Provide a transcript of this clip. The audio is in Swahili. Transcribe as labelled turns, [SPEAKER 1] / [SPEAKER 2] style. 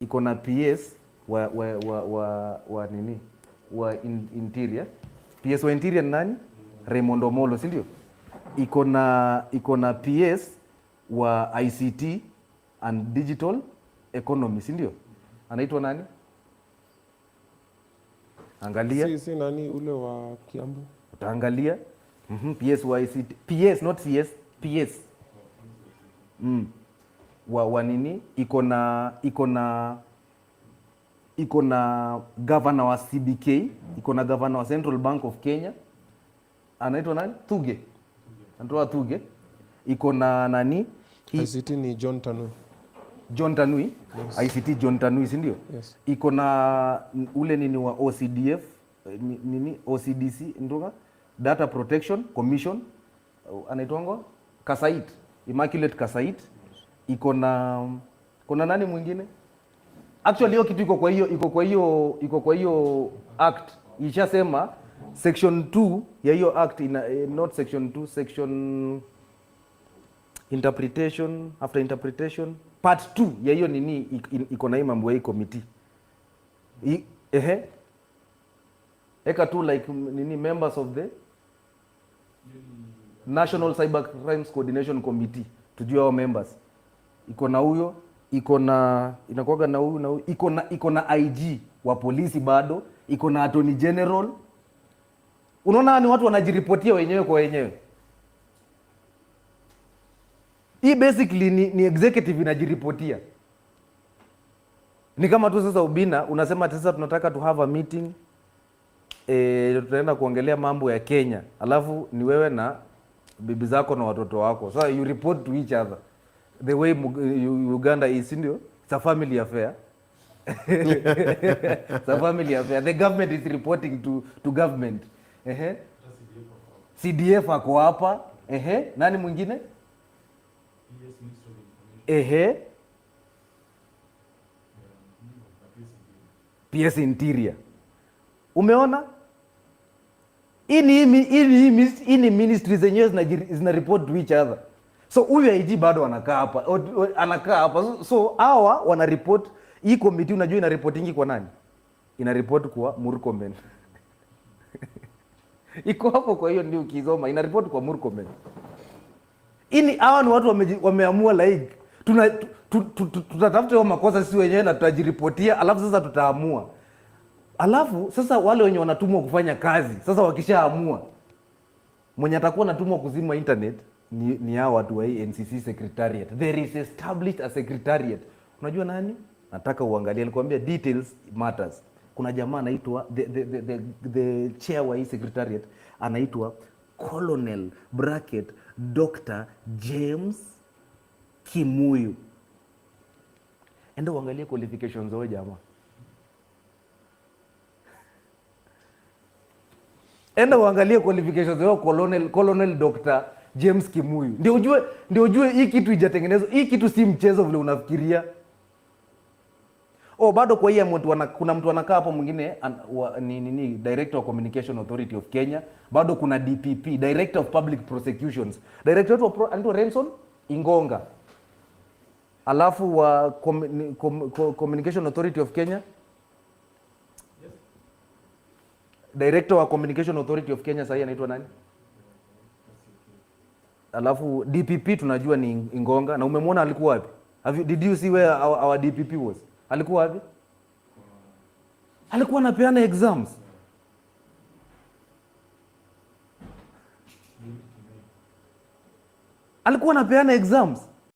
[SPEAKER 1] iko na PS wa wa wa wa, wa nini wa in, interior PS wa interior ni nani? Raymond Omolo, si ndio? Iko na iko na PS wa ICT and digital economy, si ndio? Anaitwa nani? Angalia
[SPEAKER 2] si, si, nani ule wa Kiambu
[SPEAKER 1] utaangalia. mm -hmm. PS wa ICT PS, not CS PS mm wa, wa nini iko na iko na iko na governor wa CBK, iko na governor wa Central Bank of Kenya anaitwa nani? Thuge, anatoa Thuge. Iko na nani?
[SPEAKER 2] ICT ni John Tanui,
[SPEAKER 1] John Tanui, yes. ICT John Tanui, si ndio? Yes. Iko na ule nini wa OCDF eh, nini OCDC ndoga Data Protection Commission ngo Kasait, Immaculate Kasait iko na kuna nani mwingine actually, hiyo kitu iko kwa hiyo iko kwa hiyo iko kwa hiyo act ishasema section 2 ya hiyo act ina, eh, not section 2 section interpretation after interpretation part 2 ya hiyo nini iko na hii mambo ya committee I, ehe eka tu like nini members of the National Cyber Crimes Coordination Committee tujua hao members iko na huyo iko na inakuwaga na huyu na huyu iko na iko na IG wa polisi bado iko na attorney general. Unaona, ni watu wanajiripotia wenyewe kwa wenyewe. Hii basically ni, ni executive inajiripotia. Ni kama tu sasa Ubina unasema sasa tunataka to have a meeting e, tutaenda kuongelea mambo ya Kenya, alafu ni wewe na bibi zako na watoto wako. So you report to each other the way Uganda is, si It's a family affair. It's a family affair. The government is reporting to to government. Ehe. CDF ako hapa. Ehe. Nani mwingine? Ehe. PS Interior. Umeona? Ini ini ini ministry zenyewe zina report to each other. So huyu IG bado anakaa hapa, anakaa hapa. So hawa so, wana wanaripot hii komiti, unajua ina ingi kwa nani? Ina Inaripoti kwa Murkomen iko hapo. Kwa hiyo ndio ukisoma inaripoti kwa Murkomen. Ini hawa ni watu wame, wameamua like tuna tutatafuta hiyo makosa sisi wenyewe na tutajiripotia, alafu sasa tutaamua, alafu sasa wale wenye wanatumwa kufanya kazi sasa wakishaamua, mwenye atakuwa anatumwa kuzima internet ni, hao watu wa NCC secretariat. There is established a secretariat. Unajua nani? Nataka uangalie, nikwambia details matters. Kuna jamaa anaitwa the, the, the, the, the chair wa hii secretariat anaitwa Colonel bracket Dr. James Kimuyu. Enda uangalie qualifications zao jamaa. Enda uangalie qualifications ao Colonel Colonel Dr. James Kimuyu. Ndio ujue, ndio ujue hii kitu ijatengenezwa. Hii kitu si mchezo vile unafikiria. Oh, bado kwa hiyo mtu kuna mtu anakaa hapo mwingine ni, ni, ni Director of Communication Authority of Kenya, bado kuna DPP, Director of Public Prosecutions. Director wa anaitwa Renson Ingonga. Alafu wa com, com, com, Communication Authority of Kenya. Director wa Communication Authority of Kenya sasa anaitwa nani? alafu DPP tunajua ni Ingonga, na umemwona alikuwa wapi? Have you, did you see where our, our DPP was? Alikuwa wapi? Alikuwa anapeana exams. Alikuwa anapeana exams.